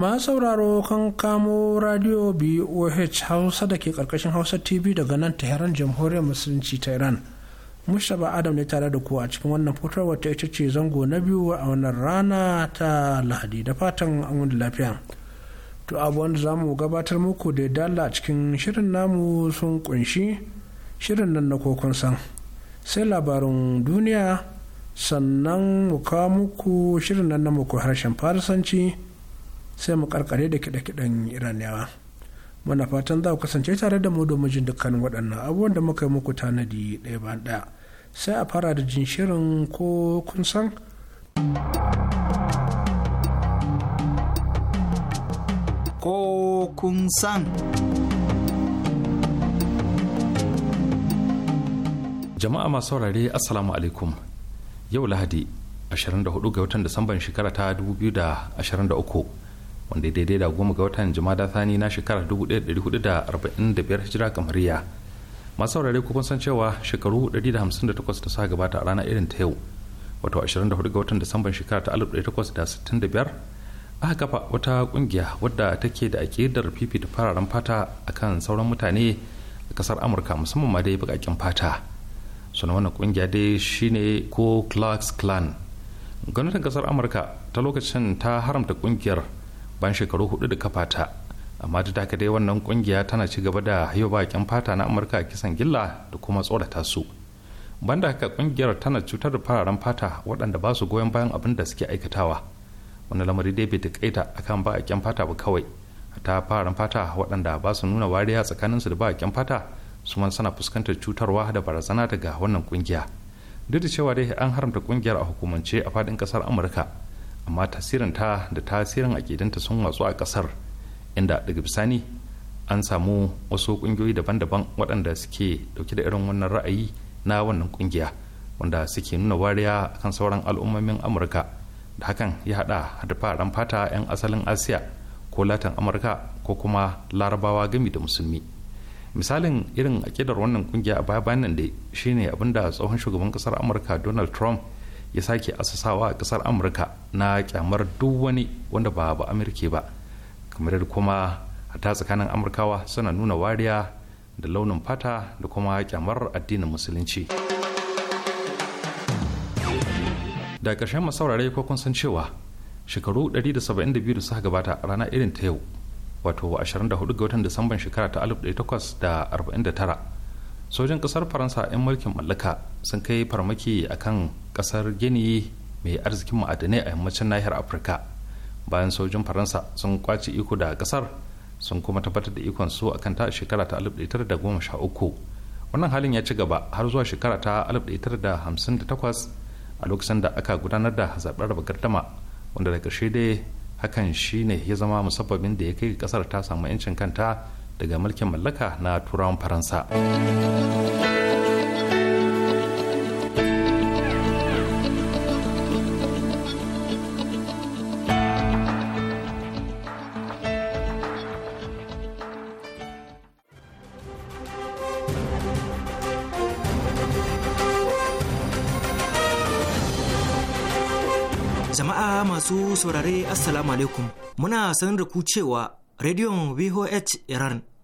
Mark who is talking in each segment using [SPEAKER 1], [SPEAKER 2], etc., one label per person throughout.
[SPEAKER 1] masu sauraro kan kamo radio boh hausa da ke karkashin hausa tv daga nan tehran jamhuriyar musulunci ta iran mushaba adam ne tare da kuwa a cikin wannan fitar wata ita ce zango na biyu a wannan rana ta lahadi da fatan an wani lafiya to abuwan da za mu gabatar muku da ya dala a cikin shirin namu sun kunshi shirin nan na kokon san sai labarin duniya sannan mu kawo muku shirin nan na muku harshen farisanci sai mu karkare da kiɗe-kiɗen iraniyawa muna fatan za ku kasance tare da mu domin jin dukkan waɗannan abubuwan da muka yi muku tanadi ɗaya bayan ɗaya sai a fara da jin shirin ko kun san ko kun san
[SPEAKER 2] jama'a masu saurare assalamu alaikum yau lahadi 24 ga watan disamban shekara ta 2023 wanda daidai da goma ga watan jumada thani na shekarar 1445 hijira kamariya masu saurare kuma san cewa shekaru 158 da suka gabata a ranar irin ta yau wato 24 ga watan disamban shekara ta 1865 aka kafa wata kungiya wadda take da akidar fifita fararen fata akan sauran mutane a kasar amurka musamman ma dai bakakin fata sunan wannan kungiya dai shine ko clark's clan gwamnatin kasar amurka ta lokacin ta haramta kungiyar bayan shekaru hudu da kafata amma duk da dai wannan kungiya tana ci gaba da yau bakin fata na amurka a kisan gilla da kuma tsorata su banda haka kungiyar tana cutar da fararen fata waɗanda ba su goyon bayan abin da suke aikatawa wani lamari dai bai taƙaita akan bakin fata ba kawai ta fararen fata waɗanda ba su nuna wariya tsakaninsu da bakin fata su man sana fuskantar cutarwa da barazana daga wannan kungiya duk da cewa dai an haramta kungiyar a hukumance a faɗin ƙasar amurka amma tasirinta da tasirin akidanta sun watsu a kasar inda daga bisani an samu wasu ƙungiyoyi daban-daban waɗanda suke ɗauke da irin wannan ra'ayi na wannan kungiya wanda suke nuna wariya kan sauran al'ummomin amurka da hakan ya haɗa da fararen fata 'yan asalin asiya ko latin amurka ko kuma larabawa gami da musulmi misalin irin akidar wannan kungiya a baya bayan nan dai shine abinda tsohon shugaban kasar amurka donald trump ya sake asasawa a kasar amurka na kyamar duk wani wanda ba ba amurke ba kamar da kuma hata tsakanin amurkawa suna nuna wariya da launin fata da kuma kyamar addinin musulunci da ƙarshen masaurare ko kun san cewa shekaru 172 da suka gabata a rana irin ta yau wato 24 ga watan disamban shekara ta 1849 sojin kasar faransa 'yan mulkin mallaka sun kai farmaki a kan kasar gini mai arzikin ma'adanai a yammacin nahiyar afirka bayan sojin faransa sun kwace iko da kasar sun kuma tabbatar da ikon su akan ta shekara ta 1913 wannan halin ya ci gaba har zuwa shekara ta 1958 a lokacin da aka gudanar da zaɓen raba gardama wanda da ƙarshe dai hakan shine ya zama musabbabin da ya kai kasar ta samu 'yancin kanta daga mulkin mallaka na turawan faransa jama'a masu saurare assalamu alaikum muna sanar da ku cewa rediyon vhh iran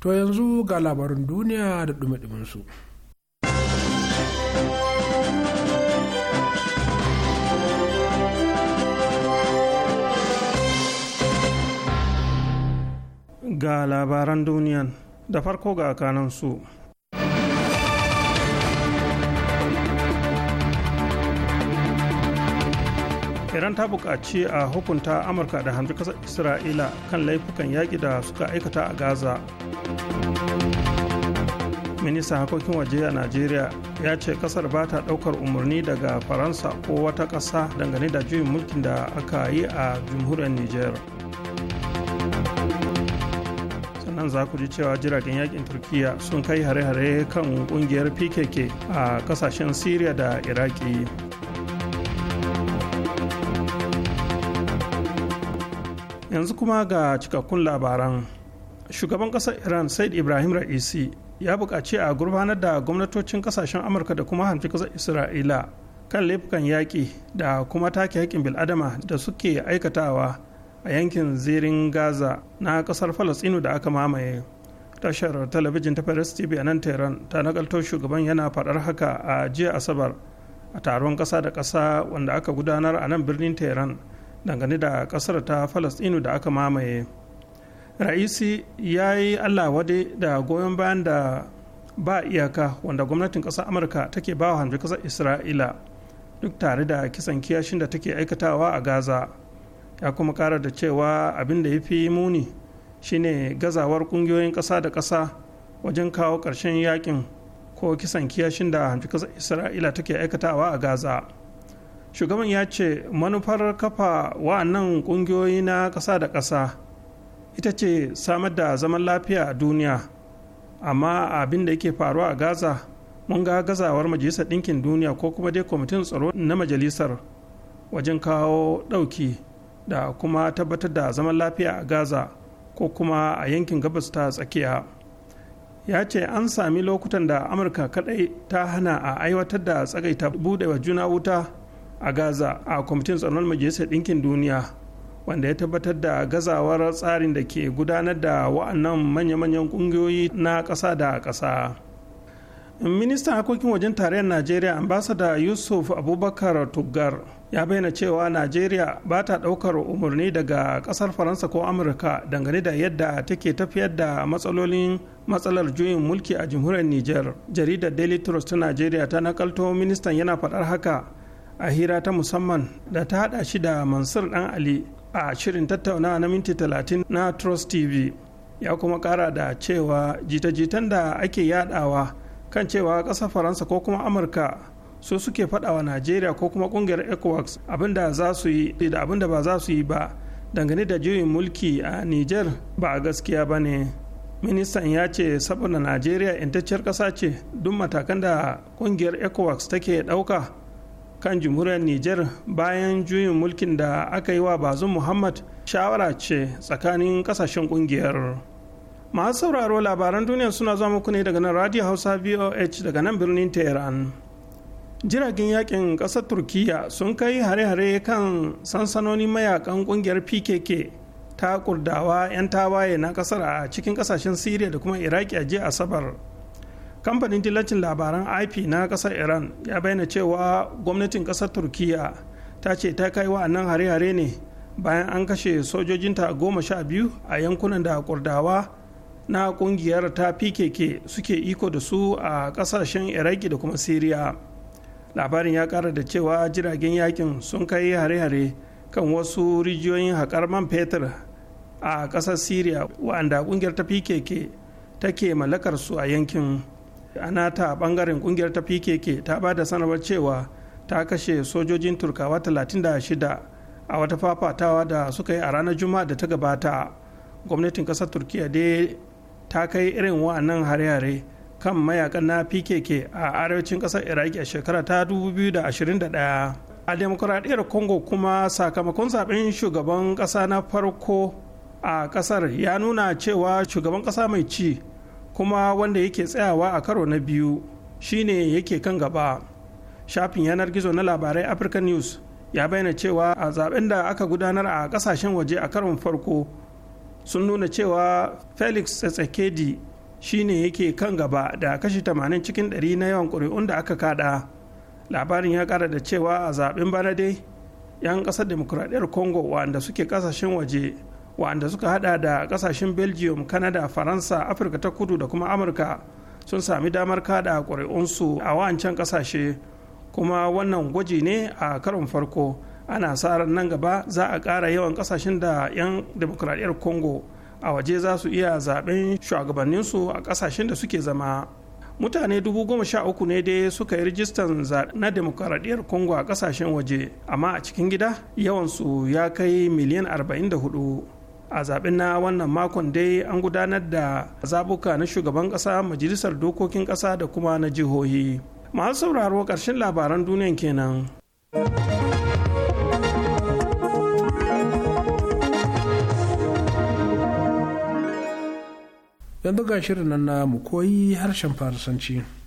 [SPEAKER 1] to yanzu ga labarin duniya da dumi su.
[SPEAKER 3] ga labaran duniyan da farko ga kanansu su iran ta buƙaci a hukunta amurka da hanzu ƙasar isra'ila kan laifukan yaƙi da suka aikata a gaza ministan harkokin waje a najeriya ya ce ƙasar ba ta ɗaukar umarni daga faransa ko wata ƙasa dangane da juyin mulkin da aka yi a jamhuriyar Nijar. sannan za ku ji cewa jiragen yakin Turkiyya sun kai hare-hare kan ƙungiyar pkk a ƙasashen syria da iraki yanzu kuma ga cikakkun labaran shugaban ƙasar iran said ibrahim ra'isi ya buƙaci a gurbanar da gwamnatocin ƙasashen amurka da kuma hamci ƙasar isra'ila kan laifukan yaƙi da kuma take haƙƙin bil'adama da suke aikatawa a yankin zirin gaza na ƙasar falastinu da aka mamaye tashar talabijin ta paris tv a nan tehran ta nakalto shugaban yana faɗar haka a jiya asabar a taron ƙasa da ƙasa wanda aka gudanar a nan birnin tehran dangane da ƙasar ta falastinu da aka mamaye ra'isi ya yi allah wade da goyon bayan da ba iyaka wanda gwamnatin ƙasar amurka take ba wa kasar isra'ila duk tare da kisan kiyashin da take aikatawa a gaza ya kuma kara da cewa abin da ya fi muni shine gazawar ƙungiyoyin ƙasa da ƙasa wajen kawo ƙarshen yakin ko kisan kiyashin da hanfi kasar isra'ila take aikatawa a gaza. shugaban ya ce manufar kafa wa'annan ƙungiyoyi na ƙasa da ƙasa ita ce samar da zaman lafiya a duniya amma abin da yake faruwa a gaza mun ga gazawar majalisar ɗinkin duniya ko kuma dai kwamitin tsaro na majalisar wajen kawo ɗauki da kuma tabbatar da zaman lafiya a gaza ko kuma a yankin gabas ta tsakiya ya ce an sami lokutan da amurka kadai ta hana a aiwatar da tsagaita wa juna wuta a gaza a kwamitin tsaron majalisar ɗinkin duniya wanda ya tabbatar da gazawar tsarin da ke gudanar da wa'annan manya-manyan ƙungiyoyi na ƙasa da ƙasa ministan harkokin wajen tarayyar najeriya ambasada yusuf abubakar tuggar ya bayyana cewa najeriya ba ta ɗaukar umarni daga ƙasar faransa ko amurka dangane da yadda take tafiyar da matsalolin matsalar juyin mulki a jamhuriyar niger jaridar daily trust ta najeriya ta nakalto ministan yana faɗar haka a hira ta musamman da ta hada shi da mansur dan ali a shirin tattaunawa na minti 30 na trust tv ya kuma kara da cewa jita-jitan da ake yadawa kan cewa kasa faransa ko kuma amurka su suke faɗawa najeriya ko kuma kungiyar ecowas abinda za su yi da abinda ba za su yi ba dangane da juyin mulki a niger ba a gaskiya ba ne ministan ya ce saboda najeriya intacciyar kasa ce duk matakan da kungiyar ecowas take dauka. kan jamhuriyar Nijar bayan juyin mulkin da aka yi wa bazin muhammad shawara ce tsakanin kasashen kungiyar masu sauraro labaran duniya suna zama muku ne daga nan radio hausa voh daga nan birnin tehran jiragen yakin ƙasar Turkiyya sun kai hare-hare kan sansanoni mayakan kungiyar pkk ta kurdawa 'yan tawaye na kasar a cikin ƙasashen syria da kuma iraki a jiya asabar kamfanin dillacin labaran ip na kasar iran ya bayyana cewa gwamnatin kasar turkiya ta ce ta kai wa'annan hare-hare ne bayan an kashe sojojinta goma sha biyu a yankunan da kurdawa na kungiyar ta pkk suke iko da su a kasashen iraki da kuma siriya labarin ya kara da cewa jiragen yakin sun kai hare-hare kan wasu rijiyoyin haƙar man fetur a ƙasar syria wa'anda ƙungiyar ta pkk take mallakar su a yankin ana ta bangaren kungiyar ta pkk ta ba da sanarwar cewa ta kashe sojojin turkawa 36 a wata fafatawa da suka yi a ranar juma'a da ta gabata gwamnatin kasar turkiya dai ta kai irin wa'annan hare-hare kan mayakan na pkk a arewacin kasar iraki a shekara ta 2021 a demokuraɗiyar congo kuma sakamakon zaben shugaban ƙasa na farko a ƙasar ya nuna cewa shugaban ƙasa mai ci kuma wanda yake tsayawa a karo na biyu shine yake kan gaba shafin yanar gizo na labarai african news ya bayyana cewa a zaben da aka gudanar a kasashen waje a karon farko sun nuna cewa felix tsakedi shine yake kan gaba da kashi 80 cikin 100 na yawan ƙuri'un da aka kada labarin ya kara da cewa a zaben bana dai 'yan ƙasar demokuraɗiyar congo wanda suke kasashen waje wa'anda suka hada da kasashen belgium canada faransa afirka ta kudu da kuma amurka sun sami damar kada ƙuri'unsu a wancan kasashe kuma wannan gwaji ne a karon farko ana sa nan gaba za a ƙara yawan kasashen da 'yan demokradiyyar congo a waje za su iya zaben shugabanninsu a kasashen da suke zama mutane dubu goma sha uku ne dai suka yi rijistan na demokaradiyyar congo a kasashen waje amma a cikin gida yawansu ya kai miliyan arba'in da hudu a zaɓen na wannan makon dai an gudanar da zabuka na shugaban ƙasa majalisar dokokin ƙasa da kuma na jihohi masu sauraro ƙarshen labaran duniyan
[SPEAKER 1] kenan yanzu ga shirin nan na mu koyi harshen faransanci.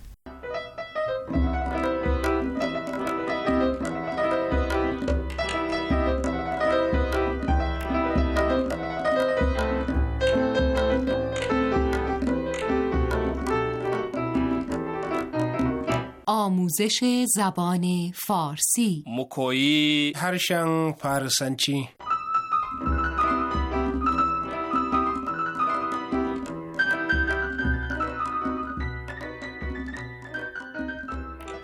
[SPEAKER 4] آموزش زبان فارسی
[SPEAKER 1] مکویی هرشن فارسنچی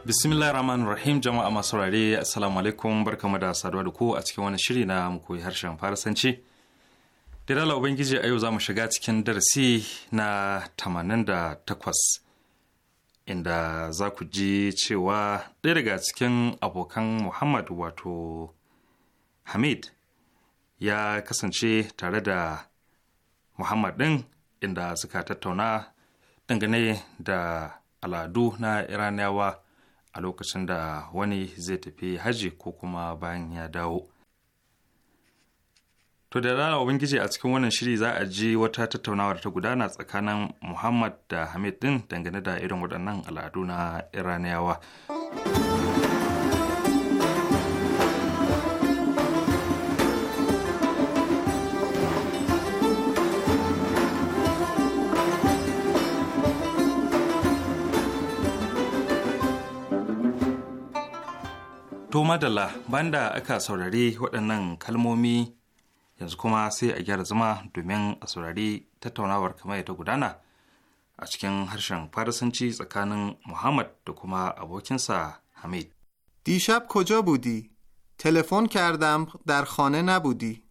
[SPEAKER 2] bismillah rahman rahim jama'a masu rare assalamu alaikum barkamu da saduwa da ku a cikin wani shiri na mu koyi harshen farasanci da dala ubangiji a yau za mu shiga cikin darasi na 88 inda za ku ji cewa ɗaya daga cikin abokan Muhammad wato Hamid ya kasance tare da Muhammad ɗin inda suka tattauna dangane da al'adu na Iraniyawa a lokacin da wani zai tafi haji ko kuma bayan ya dawo. To da rana Ubangiji a cikin wannan shiri za a ji wata tattaunawa da ta gudana tsakanin Muhammad da Hamid din dangane da irin waɗannan al'adu na Iraniyawa. To madalla banda aka saurari waɗannan kalmomi yanzu kuma sai a gyara zama domin a saurari tattaunawar kamar ya ta gudana a cikin
[SPEAKER 4] harshen farisanci tsakanin muhammad da kuma abokinsa hamid دیشب کجا بودی؟ تلفن کردم در خانه نبودی.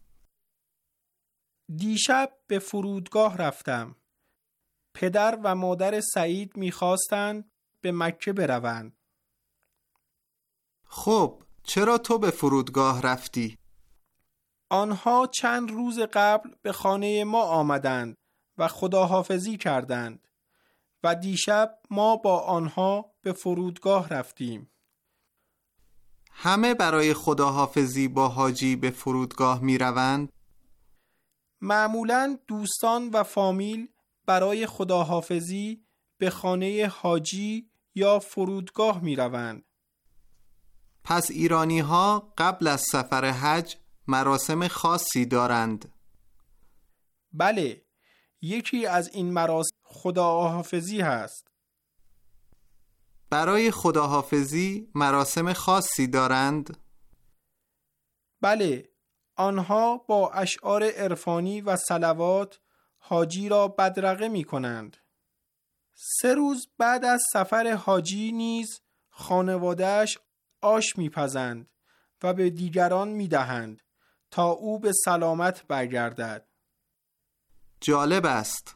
[SPEAKER 4] دیشب به فرودگاه رفتم. پدر و مادر
[SPEAKER 5] سعید میخواستند به مکه بروند.
[SPEAKER 4] خب چرا تو به فرودگاه رفتی؟
[SPEAKER 5] آنها چند روز قبل به خانه ما آمدند و خداحافظی کردند و دیشب ما با آنها به فرودگاه رفتیم
[SPEAKER 4] همه برای خداحافظی با حاجی به فرودگاه می روند؟
[SPEAKER 5] معمولا دوستان و فامیل برای خداحافظی به خانه حاجی یا فرودگاه می روند.
[SPEAKER 4] پس ایرانی ها قبل از سفر حج مراسم خاصی دارند بله
[SPEAKER 5] یکی از این مراسم خداحافظی
[SPEAKER 4] هست برای خداحافظی مراسم خاصی دارند بله آنها با اشعار
[SPEAKER 5] عرفانی و سلوات حاجی را بدرقه می کنند سه روز بعد از سفر حاجی نیز خانوادهش آش میپزند و به دیگران دهند تا او به سلامت
[SPEAKER 4] برگردد جالب است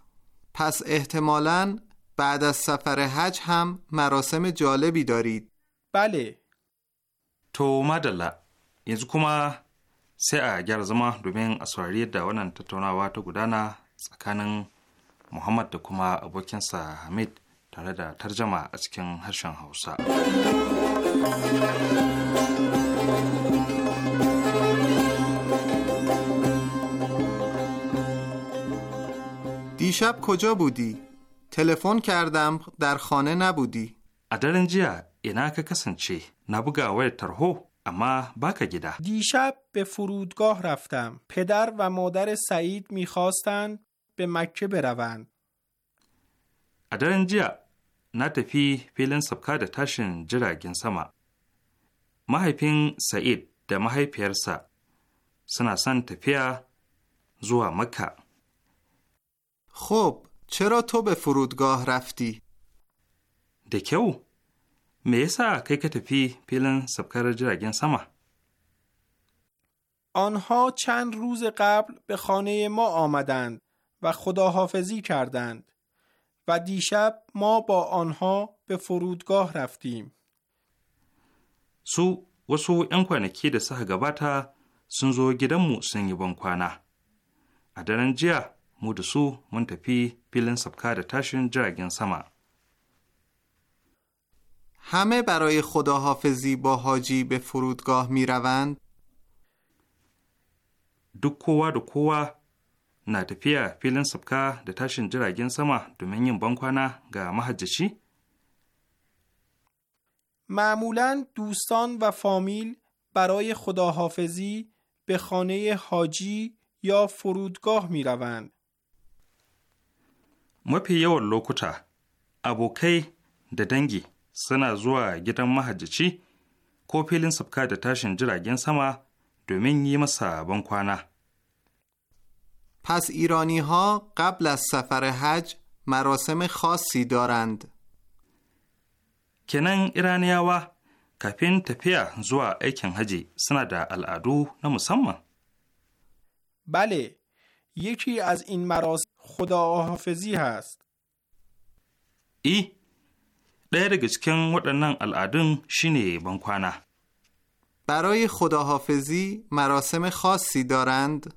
[SPEAKER 4] پس احتمالا بعد از سفر حج هم مراسم جالبی دارید بله
[SPEAKER 2] تو مدلا این کما سه اگر زما دومین اسواری دوانن تتوناوا تو گدانا سکانن محمد دا کما ابوکن سا حمید tare ترجمه از a cikin
[SPEAKER 4] دیشب کجا بودی؟ تلفن کردم در خانه نبودی. ادرنجا
[SPEAKER 2] اینا که کسن چی؟ نبوگا ترهو اما باکا گیده.
[SPEAKER 5] دیشب به فرودگاه رفتم. پدر و مادر سعید میخواستند به مکه بروند.
[SPEAKER 2] ادرنجا جیا فیلن سبکا ده تاشن جرا گین سما. ماهی پین سعید، da ماهی suna تفیه زوا مکه. خب چرا تو به فرودگاه رفتی؟ دکو میسا که که پیلن سبکر جرگین سما
[SPEAKER 5] آنها چند روز قبل به خانه ما آمدند و خداحافظی کردند و دیشب ما با آنها به فرودگاه رفتیم سو
[SPEAKER 2] و سو انکوانه که در سه گواتا سنزو گیدم مو سنگی بانکوانه ادرن mu da su mun tafi filin sabka da tashin jiragen sama.
[SPEAKER 4] همه برای خداحافظی با حاجی به فرودگاه می روند. دو کوا دو کوا
[SPEAKER 2] نا تپیا فیلن سبکا ده تشن جرا گین سما دومینیم بانکوانا گا
[SPEAKER 5] معمولا دوستان و فامیل برای خداحافظی به خانه حاجی یا فرودگاه می روند.
[SPEAKER 2] mafi yawan lokuta abokai da dangi suna zuwa gidan mahajjaci ko
[SPEAKER 4] filin sabka da tashin jiragen sama domin yi masa bankwana. پس ایرانی ها قبل از سفر حج مراسم خاصی دارند. کنن ایرانیاوا کپین تپیا
[SPEAKER 2] زوا ایکن حجی سند العدو نمسمم.
[SPEAKER 5] بله یکی از این مراسم خدا آحافظی هست
[SPEAKER 2] ای دیرگز کن ودنن الادن شینه
[SPEAKER 4] برای خداحافظی مراسم خاصی دارند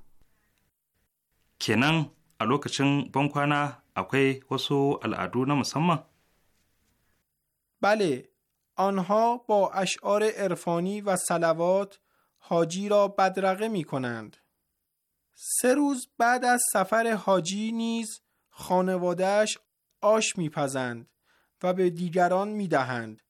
[SPEAKER 2] کنن الو کچن بانکوانا اوکی وسو الادون
[SPEAKER 5] بله آنها با اشعار عرفانی و صلوات حاجی را بدرقه می کنند سه روز بعد از سفر حاجی نیز خانوادهش آش میپزند و به دیگران میدهند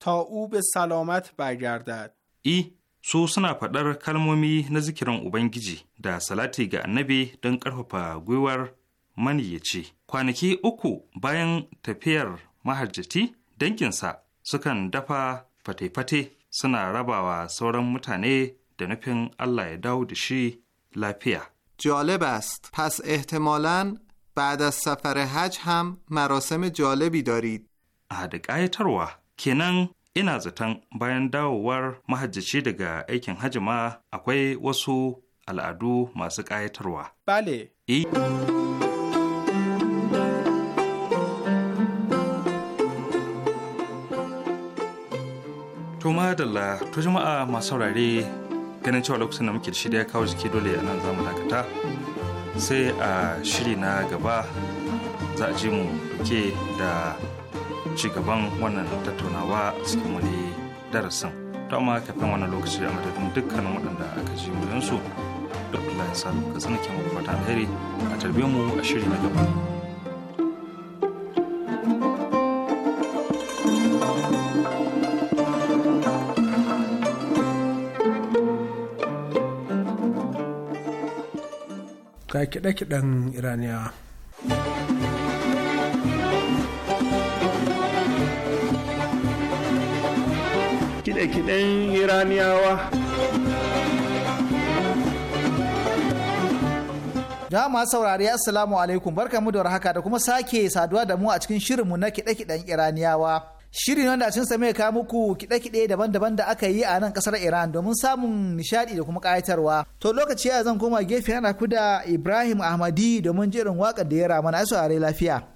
[SPEAKER 5] تا او به سلامت برگردد
[SPEAKER 2] ای سو سنا پدر کلمومی نزکران اوبنگیجی در سلاتی گا نبی دنکر پا گویور منی چی کانکی اوکو باین تپیر محجتی دنگین سا سکن دپا پتی پتی سنا
[SPEAKER 4] ربا و سورم متانی دنپن اللہ داودشی لپیه جالب است پس احتمالا بعد از سفر حج هم مراسم جالبی دارید
[SPEAKER 2] a da ƙayatarwa kenan ina zaton bayan dawowar mahajjaci daga aikin hajji ma akwai wasu al'adu masu ƙayatarwa. Bale. E. To masu saurare ganin cewa lokacin da muke da shi da ya kawo jiki dole a nan zamu dakata sai a shiri na gaba za a ji mu ke da cigaban wannan tattaunawa cikin wani darasin to amma kafin wannan lokaci a madadin dukkanin waɗanda aka ji muryinsu da Allah ya sa ka ke mu fata alheri a tarbe mu a shiri na gaba.
[SPEAKER 1] ta kiɗe-kiɗen iraniya kiɗe-kiɗen
[SPEAKER 4] iraniyawa jama'a saurari assalamu alaikum barkamu da warhaka da kuma sake saduwa da mu a cikin shirinmu na kiɗe-kiɗen iraniyawa shirin wanda cin sa mai muku kiɗe-kiɗe daban-daban da aka yi a nan ƙasar Iran domin samun nishaɗi da kuma ƙayatarwa. To lokaci ya zan koma gefe ana ku da Ibrahim Ahmadi domin jerin waƙar da ya ramana a lafiya.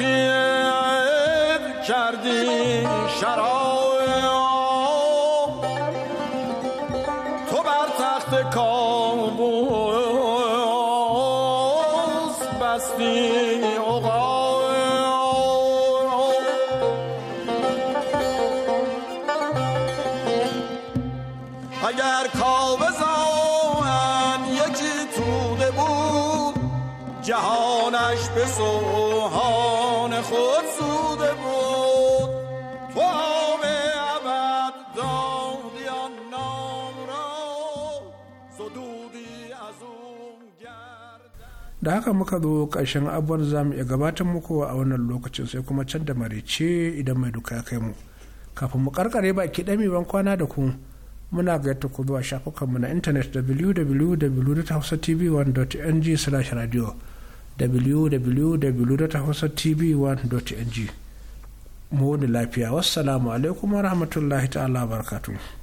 [SPEAKER 6] ocean.
[SPEAKER 1] haka muka zo ƙarshen abubuwan za mu iya gabatar muku a wannan lokacin sai kuma can da marice idan mai duka ya kai mu kafin mu karkare baki ɗami ban kwana da ku muna gayyata ku zuwa shafukanmu na intanet www.hausatv1.ng slash radio www.hausatv1.ng mu wani lafiya wassalamu alaikum wa rahmatullahi ta'ala barkatu.